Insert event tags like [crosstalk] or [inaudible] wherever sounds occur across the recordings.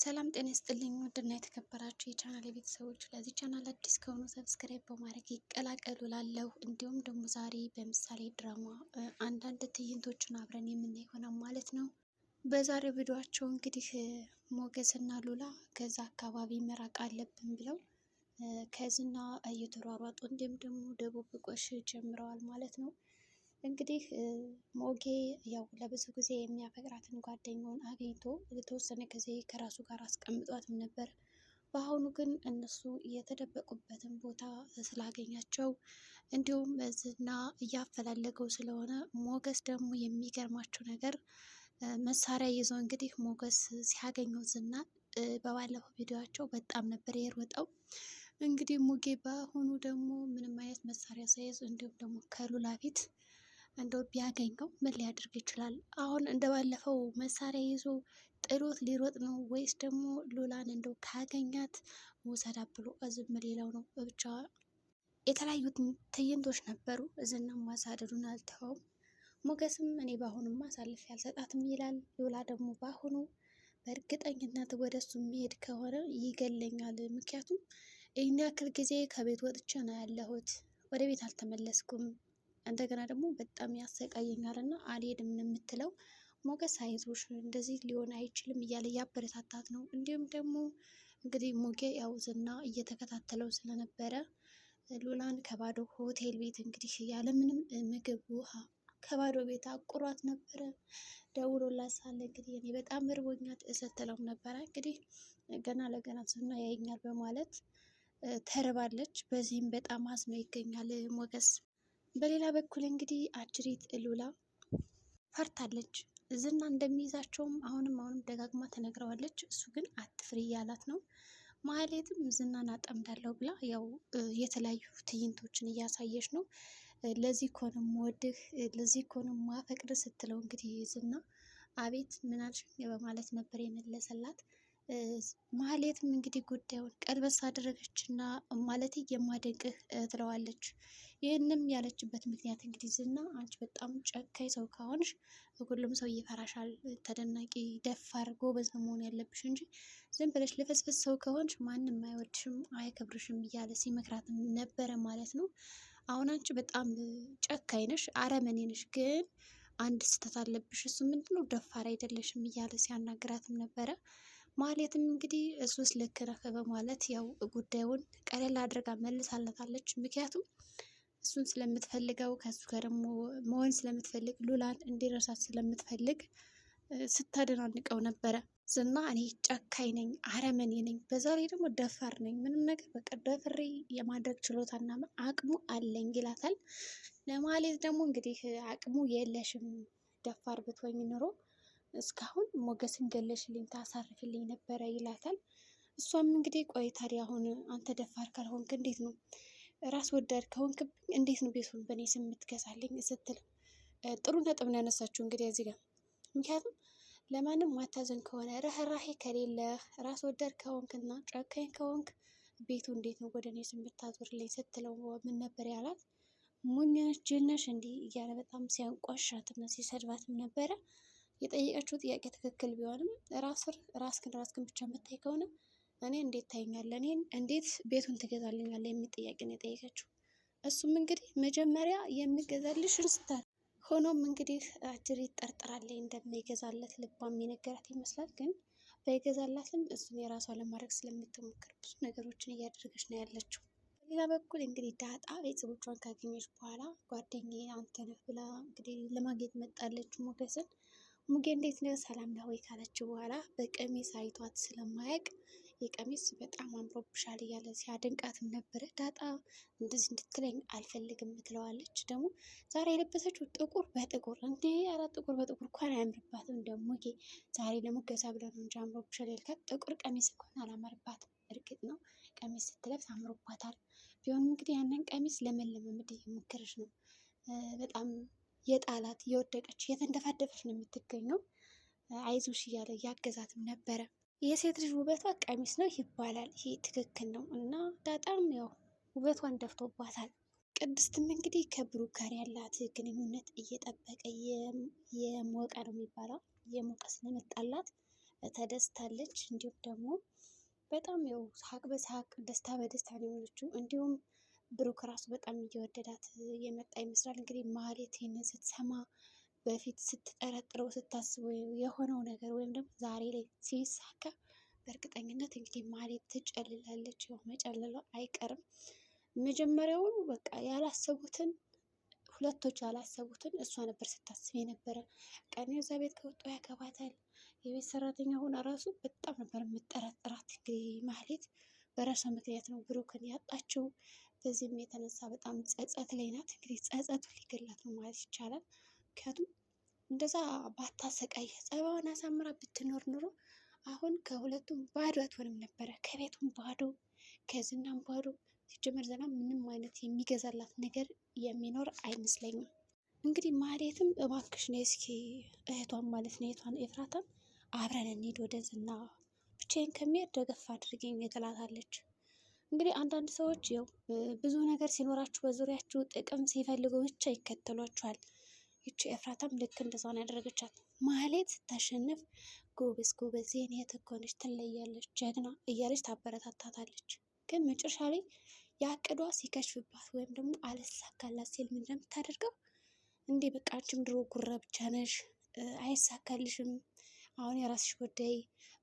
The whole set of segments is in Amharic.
ሰላም ጤና ይስጥልኝ። ውድና የተከበራችሁ የቻናል ቤተሰቦች ለዚህ ቻናል አዲስ ከሆኑ ሰብስክራይብ በማድረግ ይቀላቀሉ ላለሁ። እንዲሁም ደግሞ ዛሬ በምሳሌ ድራማ አንዳንድ ትዕይንቶችን አብረን የምናይ ማለት ነው። በዛሬው ቪዲዮአቸው እንግዲህ ሞገስና ሉላ ከዛ አካባቢ መራቅ አለብን ብለው ከዝና እየተሯሯጡ እንዲሁም ደግሞ ደቡብ ቆሽ ጀምረዋል ማለት ነው። እንግዲህ ሞጌ ያው ለብዙ ጊዜ የሚያፈቅራትን ጓደኛውን አግኝቶ የተወሰነ ጊዜ ከራሱ ጋር አስቀምጧትም ነበር። በአሁኑ ግን እነሱ የተደበቁበትን ቦታ ስላገኛቸው እንዲሁም ዝና እያፈላለገው ስለሆነ ሞገስ ደግሞ የሚገርማቸው ነገር መሳሪያ ይዞ እንግዲህ ሞገስ ሲያገኘው ዝና በባለፈው ቪዲዮቸው በጣም ነበር የሮጠው። እንግዲህ ሙጌ በአሁኑ ደግሞ ምንም አይነት መሳሪያ ሳይዝ እንዲሁም ደግሞ ከሉላ ፊት እንደው ቢያገኘው ምን ሊያደርግ ይችላል? አሁን እንደ ባለፈው መሳሪያ ይዞ ጥሎት ሊሮጥ ነው ወይስ ደግሞ ሉላን እንደው ካገኛት ውሰዳ ብሎ እዝም ሌላው ነው? ብቻ የተለያዩ ትዕይንቶች ነበሩ። ዝና ማሳደዱን አልተውም። ሞገስም እኔ በአሁኑም አሳልፌ አልሰጣትም ይላል። ሉላ ደግሞ በአሁኑ በእርግጠኝነት ወደ እሱ የሚሄድ ከሆነ ይገለኛል። ምክንያቱም ይህን ያክል ጊዜ ከቤት ወጥቼ ነው ያለሁት፣ ወደ ቤት አልተመለስኩም እንደገና ደግሞ በጣም ያሰቃየኛል እና አልሄድም ነው የምትለው። ሞገስ አይዞሽ፣ እንደዚህ ሊሆን አይችልም እያለ እያበረታታት ነው። እንዲሁም ደግሞ እንግዲህ ሙጌ ያው ዝና እየተከታተለው ስለነበረ ሉላን ከባዶ ሆቴል ቤት እንግዲህ ያለምንም ምግብ ውሃ ከባዶ ቤት አቁሯት ነበረ። ደውሎላት ሳለ እንግዲህ እኔ በጣም እርቦኛል ስትለውም ነበረ። እንግዲህ ገና ለገና ዝና ያየኛል በማለት ተርባለች። በዚህም በጣም አዝኖ ይገኛል ሞገስ። በሌላ በኩል እንግዲህ አጅሪት ሉላ ፈርታለች። ዝና እንደሚይዛቸውም አሁንም አሁንም ደጋግማ ተነግረዋለች። እሱ ግን አትፍሪ እያላት ነው። ማህሌትም ዝናን አጠምዳለሁ ብላ ያው የተለያዩ ትዕይንቶችን እያሳየች ነው። ለዚህ እኮ ነው የምወድህ፣ ለዚህ እኮ ነው የማፈቅድህ ስትለው እንግዲህ ዝና አቤት ምን በማለት ነበር የመለሰላት። ማህሌትም እንግዲህ ጉዳዩን ቀልበስ አደረገችና ማለት የማደንቅህ ትለዋለች። ይህንም ያለችበት ምክንያት እንግዲህ ዝና አንቺ በጣም ጨካኝ ሰው ከሆንሽ ሁሉም ሰው ይፈራሻል። ተደናቂ፣ ደፋር፣ ጎበዝ ነው መሆን ያለብሽ እንጂ ዝም ብለሽ ልፍስፍስ ሰው ከሆንሽ ማንም አይወድሽም፣ አይከብርሽም እያለ ሲመክራትም ነበረ ማለት ነው። አሁን አንቺ በጣም ጨካኝ ነሽ፣ አረመኔ ነሽ ግን አንድ ስህተት አለብሽ። እሱ ምንድነው? ደፋር አይደለሽም እያለ ሲያናግራትም ነበረ። ማለትም እንግዲህ ልክ ስለከረፈ በማለት ያው ጉዳዩን ቀለል አድርጋ መልሳለታለች። ምክንያቱም እሱን ስለምትፈልገው ከሱ ጋር ደግሞ መሆን ስለምትፈልግ ሉላን እንዲረሳት ስለምትፈልግ ስታደናንቀው ነበረ። ዝና እኔ ጨካኝ ነኝ፣ አረመኔ ነኝ፣ በዛ ላይ ደግሞ ደፋር ነኝ፣ ምንም ነገር በቃ ደፍሬ የማድረግ ችሎታና አቅሙ አለኝ ይላታል። ለማህሌት ደግሞ እንግዲህ አቅሙ የለሽም ደፋር ብትሆኝ ኑሮ እስካሁን ሞገስን ገለሽልኝ ታሳርፍልኝ ነበረ ይላታል። እሷም እንግዲህ ቆይ ታዲያ አሁን አንተ ደፋር ካልሆንክ እንዴት ነው ራስ ወዳድ ከሆንክ እንዴት ነው ቤቱን በእኔ ስም የምትገዛልኝ? ስትል ጥሩ ነጥብ ነው ያነሳችው። እንግዲህ እዚህ ጋር ምክንያቱም ለማንም ማታዘን ከሆነ ርህራሄ ከሌለ ራስ ወዳድ ከሆንክና ጨካኝ ከሆንክ ቤቱ እንዴት ነው ወደ እኔ ስም የምታዞርልኝ? ስትለው ምን ነበር ያላት? ሙኝነች ነሽ ጅል ነሽ እንዲህ እያለ በጣም ሲያንቋሻትና ሲሰድባትም ነበረ። የጠየቀችው ጥያቄ ትክክል ቢሆንም ራስር ራስክን ራስክን ብቻ የምታይ ከሆነ እኔ እንዴት ታይኛለህ፣ እኔን እንዴት ቤቱን ትገዛልኛለህ የሚል ጥያቄ ነው የጠየቀችው። እሱም እንግዲህ መጀመሪያ የሚገዛልሽን ስታል ሆኖም እንግዲህ አጅሬ ይጠርጥራለኝ እንደማይገዛለት ልቧም የነገራት ይመስላል። ግን ባይገዛላትም እሱን የራሷ ለማድረግ ስለምትሞክር ብዙ ነገሮችን እያደረገች ነው ያለችው። በሌላ በኩል እንግዲህ ዳጣ ቤተሰቦቿን ካገኘች በኋላ ጓደኛዬ አንተ ነህ ብላ እንግዲህ ለማግኘት መጣለች ሞገስን። ሙጌ እንዴት ነው ሰላም ነው ወይ ካለችው በኋላ በቀሚስ አይቷት ስለማያውቅ የቀሚስ በጣም አምሮብሻል እያለ ሲያደንቃትም ነበረ። ዳጣ እንደዚህ እንድትለኝ አልፈልግም ትለዋለች። ደግሞ ዛሬ የለበሰችው ጥቁር በጥቁር እንዴ ኧረ ጥቁር በጥቁር እንኳን አያምርባትም። ደግሞ ሙጌ ዛሬ ለሙገሳ ብለህ ነው እንጂ አምሮብሻል ያልካት ጥቁር ቀሚስ እንኳን አላመርባትም። እርግጥ ነው ቀሚስ ስትለብስ አምሮባታል። ቢሆንም እንግዲህ ያንን ቀሚስ ለመለማመድ እየሞከረች ነው በጣም የጣላት የወደቀች የተንደፋደፈች ነው የምትገኘው። አይዞሽ እያለ እያገዛትም ነበረ። የሴት ልጅ ውበቷ ቀሚስ ነው ይባላል። ይሄ ትክክል ነው እና ዳጣም ያው ውበቷን ደፍቶባታል። ቅድስትም እንግዲህ ከብሩክ ጋር ያላት ግንኙነት እየጠበቀ የሞቀ ነው የሚባለው የሞቀ ስለመጣላት ተደስታለች። እንዲሁም ደግሞ በጣም ያው ሳቅ በሳቅ ደስታ በደስታ ነው የሆነችው። እንዲሁም ብሩክ ራሱ በጣም እየወደዳት የመጣ ይመስላል። እንግዲህ ማህሌት ይህንን ስትሰማ በፊት ስትጠረጥረው ስታስበው የሆነው ነገር ወይም ደግሞ ዛሬ ላይ ሲሳካ በእርግጠኝነት እንግዲህ ማህሌት ትጨልላለች። ያው መጨለሏ አይቀርም። መጀመሪያውኑ በቃ ያላሰቡትን ሁለቶች ያላሰቡትን እሷ ነበር ስታስብ የነበረ። ቀን እዛ ቤት ከወጡ ያገባታል የቤት ሰራተኛ ሆና ራሱ በጣም ነበር የምጠረጥራት። እንግዲህ ማህሌት በራሷ ምክንያት ነው ብሩክን ያጣችው። በዚህም የተነሳ በጣም ጸጸት ላይ ናት። እንግዲህ ጸጸቱ ሊገላት ነው ማለት ይቻላል። ምክንያቱም እንደዛ ባታሰቃይ ጸባዋን አሳምራ ብትኖር ኑሮ አሁን ከሁለቱም ባዶ አትሆንም ነበረ። ከቤቱም ባዶ፣ ከዝናም ባዶ። ሲጀመር ዘና ምንም አይነት የሚገዛላት ነገር የሚኖር አይመስለኝም። እንግዲህ ማህሌትም እባክሽ ነይ እስኪ እህቷን ማለት ነው እህቷን ኤፍራታን አብረን እንሂድ ወደ ዝና ብቻዬን ከሚሄድ ደገፍ አድርገኝ ትላታለች። እንግዲህ አንዳንድ ሰዎች ያው ብዙ ነገር ሲኖራችሁ በዙሪያችሁ ጥቅም ሲፈልጉ ብቻ ይከተሏችኋል። ይቺ ኤፍራታም ልክ እንደዛን ያደረገቻት ማህሌት ስታሸንፍ ጎበዝ ጎበዝ የኔ እህት እኮ ነች ትለያለች፣ ጀግና እያለች ታበረታታታለች። ግን መጨረሻ ላይ የአቅዷ ሲከሽፍባት ወይም ደግሞ አልሳካላት ሲል ምንድን የምታደርገው? እንዴ በቃ አንቺም ድሮ ጉራ ብቻ ነሽ፣ አይሳካልሽም፣ አሁን የራስሽ ጉዳይ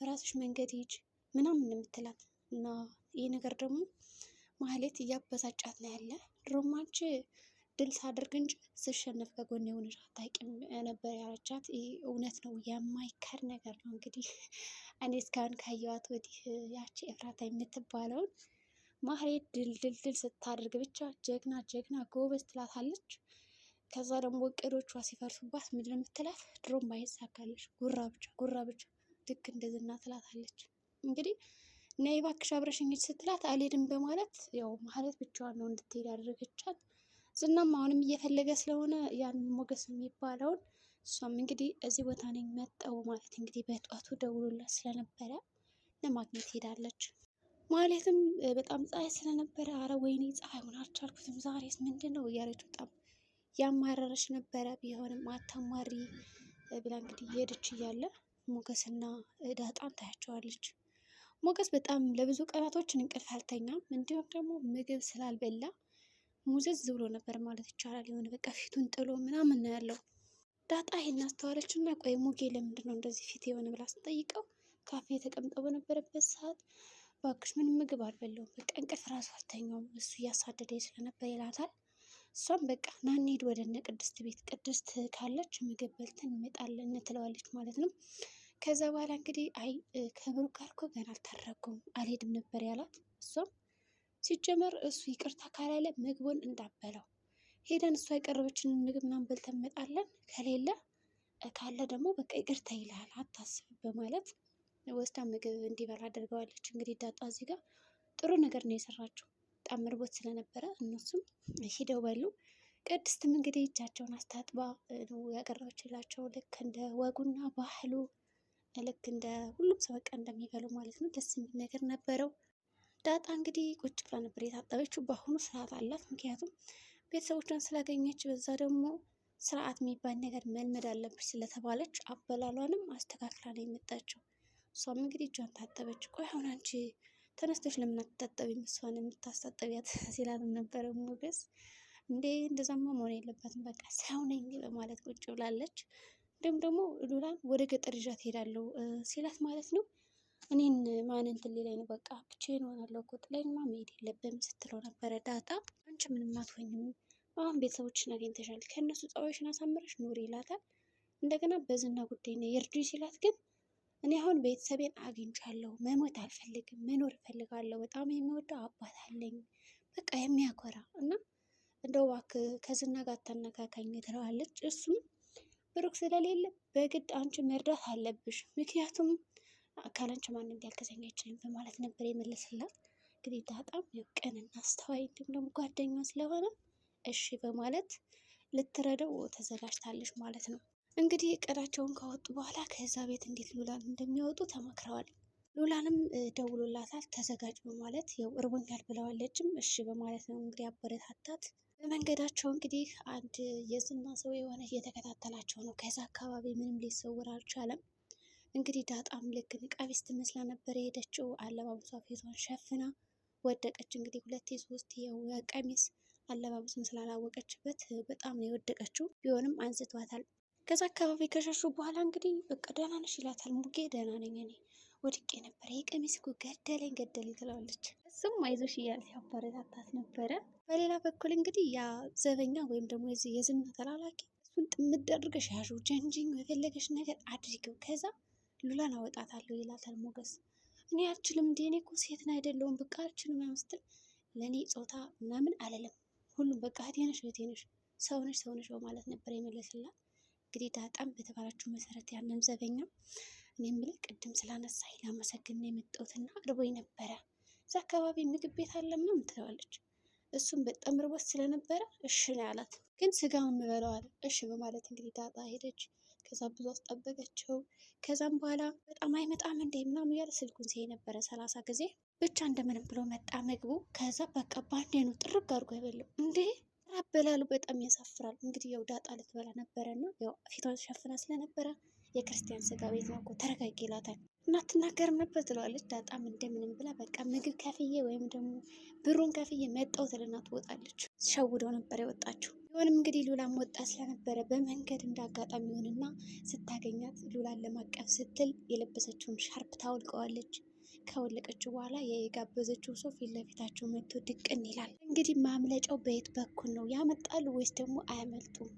በራስሽ መንገድ ሂጅ ምናምን የምትላት እና ይህ ነገር ደግሞ ማህሌት እያበሳጫት ነው ያለ። ድሮም አንቺ ድል ሳደርግ እንጂ ስሸነፍ ከጎን የሆነ አታውቂም ነበር ያለቻት። ይህ እውነት ነው፣ የማይከር ነገር ነው። እንግዲህ እኔ እስካሁን ካየዋት ወዲህ ያቺ ኤፍራታ የምትባለውን ማህሌት ድል ድል ድል ስታደርግ ብቻ ጀግና ጀግና ጎበዝ ትላታለች። ከዛ ደግሞ እቅዶቿ ሲፈርሱባት ምንድን ነው የምትላት? ድሮም ባይሳካለች ጉራ ብቻ ጉራ ብቻ ልክ እንደዝና ትላታለች እንግዲህ ነይ እባክሽ አብረሽኝ ስትላት አልሄድም በማለት ያው ማለት ብቻዋን ነው እንድትሄድ ያደረገቻት። ዝናም አሁንም እየፈለገ ስለሆነ ያን ሞገስ የሚባለውን እሷም እንግዲህ እዚህ ቦታ ነኝ መጣሁ ማለት እንግዲህ በጧቱ ደውሎላት ስለነበረ ለማግኘት ሄዳለች። ማለትም በጣም ፀሐይ ስለነበረ አረ ወይኔ ፀሐዩን አልቻልኩትም ዛሬስ ምንድን ነው እያለች በጣም ያማረረች ነበረ። ቢሆንም አታማሪ ብላ እንግዲህ ሄደች እያለ ሞገስና ዳጣን ታያቸዋለች። ሞገስ በጣም ለብዙ ቀናቶችን እንቅልፍ አልተኛም። እንዲሁም ደግሞ ምግብ ስላልበላ ሙዘዝ ብሎ ነበር ማለት ይቻላል። የሆነ በቃ ፊቱን ጥሎ ምናምን ነው ያለው። ዳጣ ይሄን አስተዋለች እና ቆይ ሙጌ ለምንድን ነው እንደዚህ ፊት የሆነ ብላ ስጠይቀው ካፌ ተቀምጠው በነበረበት ሰዓት እባክሽ ምን ምግብ አልበላሁም፣ በቃ እንቅልፍ ራሱ አልተኛውም እሱ እያሳደደ ስለነበር ይላታል። እሷም በቃ ና እንሂድ ወደ እነ ቅድስት ቤት፣ ቅድስት ካለች ምግብ በልተን እንመጣለን ትለዋለች ማለት ነው። ከዛ በኋላ እንግዲህ አይ ከብሩ ጋር እኮ ገና አልሄድም ነበር ያላት። እሷም ሲጀመር እሱ ይቅርታ ካላለ ምግቡን እንዳበላው ሄደን እሷ የቀረበችን ምግብ ምናምን በልተን እንመጣለን፣ ከሌለ ካለ ደግሞ በቃ ይቅርታ ይልሃል አታስብ በማለት ወስዳ ምግብ እንዲበላ አድርገዋለች። እንግዲህ ዳጣ እዚህ ጋር ጥሩ ነገር ነው የሰራችው። በጣም ርቦት ስለነበረ እነሱም ሂደው በሉ። ቅድስትም እንግዲህ እጃቸውን አስታጥባ ያቀረበችላቸው ልክ እንደ ወጉና ባህሉ ልክ እንደ ሁሉም ሰው በቃ እንደሚበለው ማለት ነው። ደስ የሚል ነገር ነበረው። ዳጣ እንግዲህ ቁጭ ብላ ነበር የታጠበችው። በአሁኑ ስርዓት አላት። ምክንያቱም ቤተሰቦቿን ስላገኘች፣ በዛ ደግሞ ስርዓት የሚባል ነገር መልመድ አለብሽ ስለተባለች አበላሏንም አስተካክላ ነው የመጣችው። እሷም እንግዲህ እጇን ታጠበች። ቆይ አሁን አንቺ ተነስተሽ ለምን አትታጠቢም? እሷን የምታስታጠቢያት [laughs] ሲላትም ነበረ ሞገስ። እንዴ እንደዛማ መሆን የለበትም በቃ ሳይሆነኝ በማለት ቁጭ ብላለች። እንዲሁም ደግሞ ሉላን ወደ ገጠር ይዣት ሄዳለሁ ሲላት ማለት ነው እኔን ማን እንትን ሊለኝ ነው በቃ ብቻዬን እሆናለሁ ላይ ማ መሄድ የለብም ስትለው ነበረ ዳጣ። አንቺ ምንም አትሆኝም አሁን ቤተሰቦችን አግኝተሻል ከእነሱ ጸባዮችን አሳምረሽ ኑሪ ይላታል። እንደገና በዝና ጉዳይ ነው የእርጁ ሲላት ግን እኔ አሁን ቤተሰቤን አግኝቻለሁ መሞት አልፈልግም መኖር እፈልጋለሁ በጣም የሚወደው አባት አለኝ በቃ የሚያኮራ እና እንደው እባክህ ከዝና ጋር አታነካካኝ ትለዋለች እሱም ብሩክ ስለሌለ በግድ አንቺ መርዳት አለብሽ፣ ምክንያቱም ካላንቺ ማንም ሊያግዘኝ አይችልም በማለት ነበር የመለሰላት። እንግዲህ ዳጣም ቀንና አስተዋይ እንዲሁም ደግሞ ጓደኛ ስለሆነ እሺ በማለት ልትረዳው ተዘጋጅታለች ማለት ነው። እንግዲህ እቅዳቸውን ካወጡ በኋላ ከዛ ቤት እንዴት ሉላን እንደሚያወጡ ተመክረዋል። ሉላንም ደውሎላታል። ተዘጋጅ በማለት ያው እርቦኛል ብለዋለችም እሺ በማለት ነው እንግዲህ አበረታታት። በመንገዳቸው እንግዲህ አንድ የዝና ሰው የሆነ እየተከታተላቸው ነው። ከዛ አካባቢ ምንም ሊሰውር አልቻለም። እንግዲህ ዳጣም ልክ ቀቢስ ትመስላ ነበር የሄደችው። አለባበሷ ፊቷን ሸፍና ወደቀች። እንግዲህ ሁለት ሶስት የቀሚስ አለባበሱን ስላላወቀችበት በጣም ነው የወደቀችው። ቢሆንም አንስቷታል። ከዛ አካባቢ ከሸሹ በኋላ እንግዲህ በቃ ደህና ነሽ ይላታል ሙጌ። ደህና ነኝ እኔ ወድቄ ነበረ፣ የቀሚስ እኮ ገደለኝ ገደለኝ ትለዋለች። እሱም አይዞሽ እያለ ሲያበረታታት ነበረ። በሌላ በኩል እንግዲህ ያ ዘበኛ ወይም ደግሞ የዚህ የዝና ተላላኪ እሱን ጥምድ አድርገሽ ያዥው፣ ጀንጅኝ፣ የፈለገሽ ነገር አድርገው፣ ከዛ ሉላን አወጣታለሁ ይላታል ሞገስ። እኔ አልችልም እንዴ እኔ እኮ ሴት አይደለሁም በቃ አልችልም ያምስትል ለእኔ ጾታ ምናምን አለለም ሁሉም በቃ እህቴ ነሽ እህቴ ሰውነሽ ሰው በማለት ነበር የመለስላት። እንግዲህ ዳጣም በተባላችሁ መሰረት ያንን ዘበኛ እኔ የምልህ ቅድም ስላነሳ ላመሰግን ነው የመጣሁትና እርቦኝ ነበረ። እዛ አካባቢ ምግብ ቤት አለ ምናምን ትለዋለች። እሱም በጣም ርቦት ስለነበረ እሺ ነው ያላት። ግን ስጋውን እንበለዋል እሺ በማለት እንግዲህ ዳጣ ሄደች። ከዛ ብዙ አስጠበቀችው። ከዛም በኋላ በጣም አይመጣም እንዴ ምናምን እያለ ስልኩን ሲያይ ነበረ ሰላሳ ጊዜ ብቻ እንደምንም ብሎ መጣ ምግቡ። ከዛ በቃ ባንዴ ነው ጥርግ አድርጎ የበለው። እንዴ አበላሉ በጣም ያሳፍራል። እንግዲህ ያው ዳጣ ልትበላ ነበረና ያው ፊቷን ሸፍና ስለነበረ የክርስቲያን ስጋ ቤት ነው እኮ ተረጋጊ ይላታል። እናትናገርም ነበር ትለዋለች። ዳጣም እንደምንም ብላ በቃ ምግብ ከፍዬ ወይም ደግሞ ብሩን ከፍዬ መጣው ትልና ትወጣለች። ሸውደው ነበር የወጣችው። ቢሆንም እንግዲህ ሉላም ወጣ ስለነበረ በመንገድ እንዳጋጣሚ ሆንና ስታገኛት ሉላን ለማቀፍ ስትል የለበሰችውን ሻርፕ ታወልቀዋለች። ከወለቀችው በኋላ የጋበዘችው ሰው ፊት ለፊታቸው መጥቶ ድቅን ይላል። እንግዲህ ማምለጫው በየት በኩል ነው? ያመጣሉ ወይስ ደግሞ አያመልጡም?